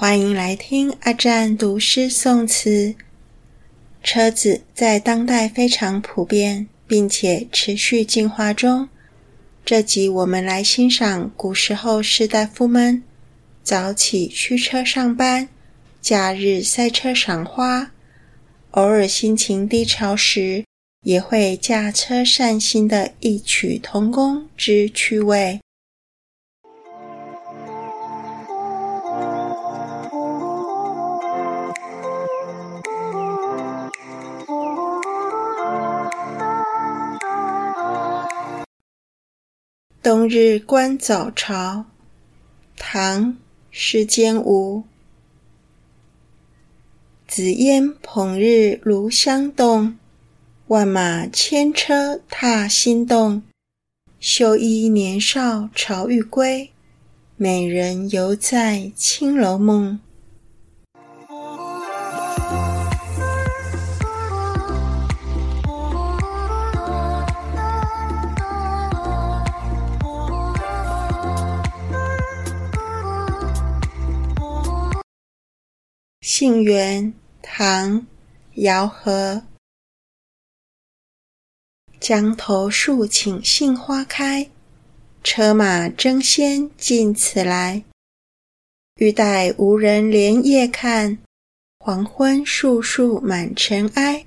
歡迎來聽阿占讀詩宋詞。車子在當代非常普遍，並且持續進化中。這集我們來欣賞古時候士大夫們早起驅車上班，假日塞車賞花，偶爾心情低潮時也會駕車散心的異曲同工之趣味。冬日觀早朝，唐·施肩吾。紫煙捧日爐香動，萬馬千車踏新凍。繡衣年少朝欲歸，美人猶在青樓夢。《杏園》唐·姚合。江頭數頃杏花開，車馬爭先盡此來。欲待無人連夜看，黃昏樹樹滿塵埃。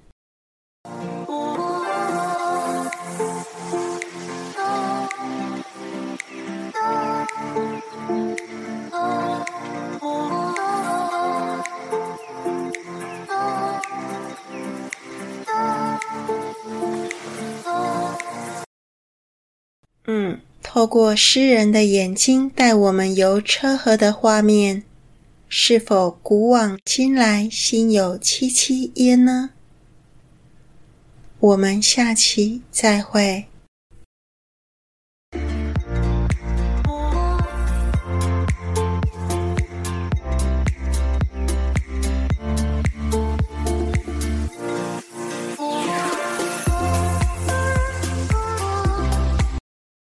嗯，透過詩人的眼睛帶我們游車河的畫面，是否古往今來心有戚戚焉呢？我們下期再會。